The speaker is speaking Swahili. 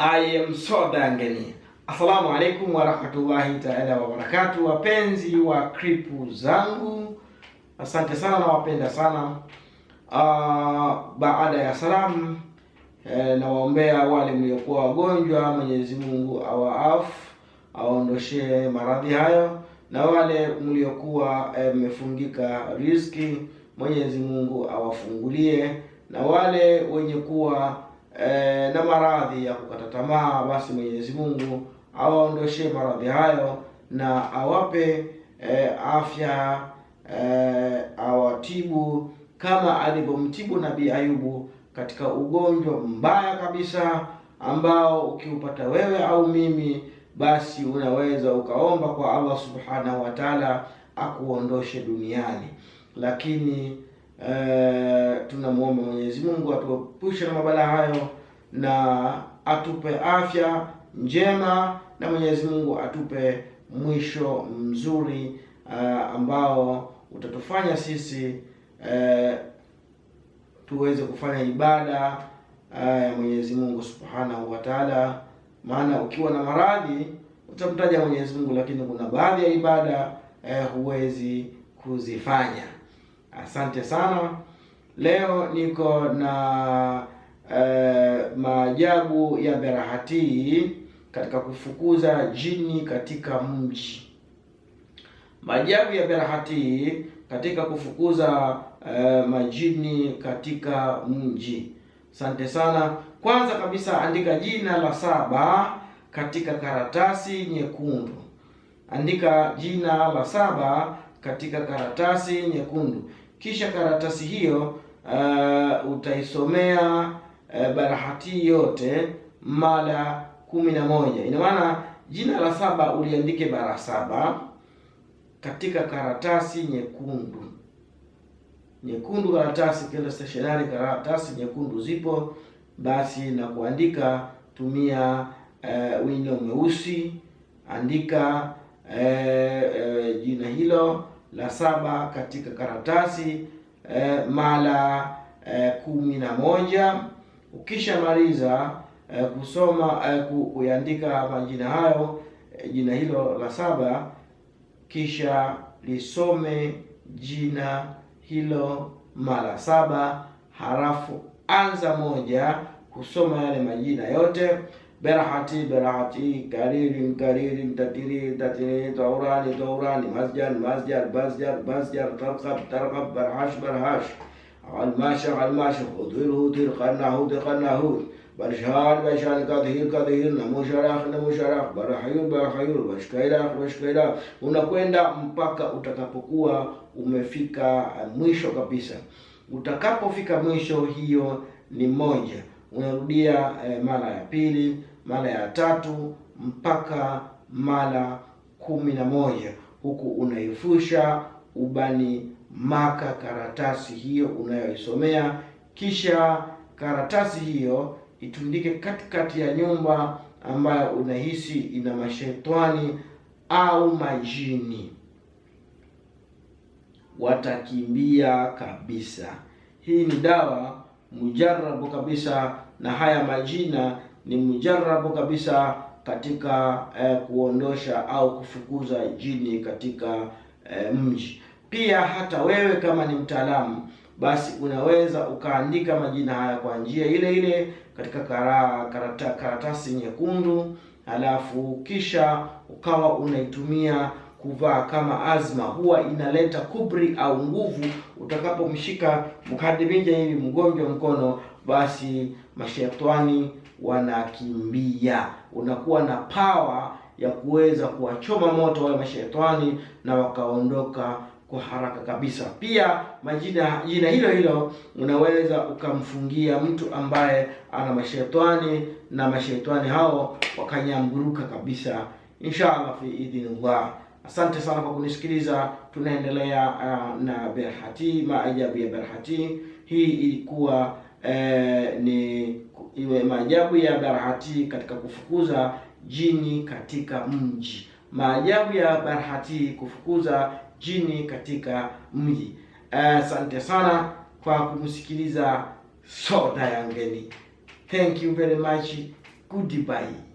am Soda Ngenia. Assalamu alaikum warahmatullahi taala wabarakatu, wapenzi wa kripu zangu, asante sana na wapenda sana. Uh, baada ya salamu eh, nawaombea wale mliokuwa wagonjwa, Mwenyezi Mungu awaafu, awaondoshee maradhi hayo, na wale mliokuwa eh, mmefungika eh, riziki, Mwenyezi Mungu awafungulie, na wale wenye kuwa eh, na maradhi ya kukata tamaa, basi Mwenyezi Mungu awaondoshe maradhi hayo na awape eh, afya eh, awatibu kama alivyomtibu Nabii Ayubu katika ugonjwa mbaya kabisa ambao ukiupata wewe au mimi, basi unaweza ukaomba kwa Allah subhanahu wa taala akuondoshe duniani, lakini e, eh, tunamwomba Mwenyezi Mungu atuepushe na mabala hayo na atupe afya njema na Mwenyezi Mungu atupe mwisho mzuri uh, ambao utatufanya sisi uh, tuweze kufanya ibada eh, ya uh, Mwenyezi Mungu Subhanahu wa Ta'ala. Maana ukiwa na maradhi utamtaja Mwenyezi Mungu, lakini kuna baadhi ya ibada uh, huwezi kuzifanya. Asante sana. Leo niko na uh, maajabu ya Berahati katika kufukuza jini katika mji. Maajabu ya Berahati katika kufukuza uh, majini katika mji. Asante sana. Kwanza kabisa andika jina la saba katika karatasi nyekundu. Andika jina la saba katika karatasi nyekundu, kisha karatasi hiyo uh, utaisomea uh, barahati yote mara kumi na moja. Ina maana jina la saba uliandike mara saba katika karatasi nyekundu nyekundu, karatasi kenda stationari, karatasi nyekundu zipo. Basi na kuandika tumia uh, wino mweusi, andika uh, uh, jina hilo la saba katika karatasi eh, mara eh, kumi na moja. Ukishamaliza eh, kusoma eh, kuandika majina hayo eh, jina hilo la saba, kisha lisome jina hilo mara saba, halafu anza moja kusoma yale majina yote berahati berahati karirin karirin tatiri tatiri taurani taurani masjar masjar masjar masjar tarqab tarqab barhash barhash علماش علماش هدير هدير قرنا هود قرنا هود برشال برشال كظهير كظهير namusharaha namusharaha barahayur barahayur bashkairah bashkairah unakwenda mpaka utakapokuwa umefika mwisho kabisa utakapofika mwisho hiyo ni moja unarudia eh, mara ya pili, mara ya tatu mpaka mara kumi na moja huku unaifusha ubani maka karatasi hiyo unayoisomea, kisha karatasi hiyo itundike katikati ya nyumba ambayo unahisi ina mashetani au majini, watakimbia kabisa. Hii ni dawa mujarabu kabisa, na haya majina ni mujarabu kabisa katika eh, kuondosha au kufukuza jini katika eh, mji. Pia hata wewe kama ni mtaalamu, basi unaweza ukaandika majina haya kwa njia ile ile katika kara, karata, karatasi nyekundu, halafu kisha ukawa unaitumia kuvaa kama azma, huwa inaleta kubri au nguvu. Utakapomshika mkadibinja hivi mgonjwa mkono, basi mashetani wanakimbia, unakuwa na pawa ya kuweza kuwachoma moto wale mashetani na wakaondoka kwa haraka kabisa. Pia majina jina hilo hilo unaweza ukamfungia mtu ambaye ana mashetani na mashetani hao wakanyamburuka kabisa. Inshallah fi idhnillah. Asante sana kwa kunisikiliza. Tunaendelea uh, na Berhati, maajabu ya Berhati. Hii ilikuwa uh, ni iwe maajabu ya Berhati katika kufukuza jini katika mji, maajabu ya Berhati kufukuza jini katika mji. Eh, asante uh, sana kwa kumsikiliza Soda Yangeni. Thank you very much. Goodbye.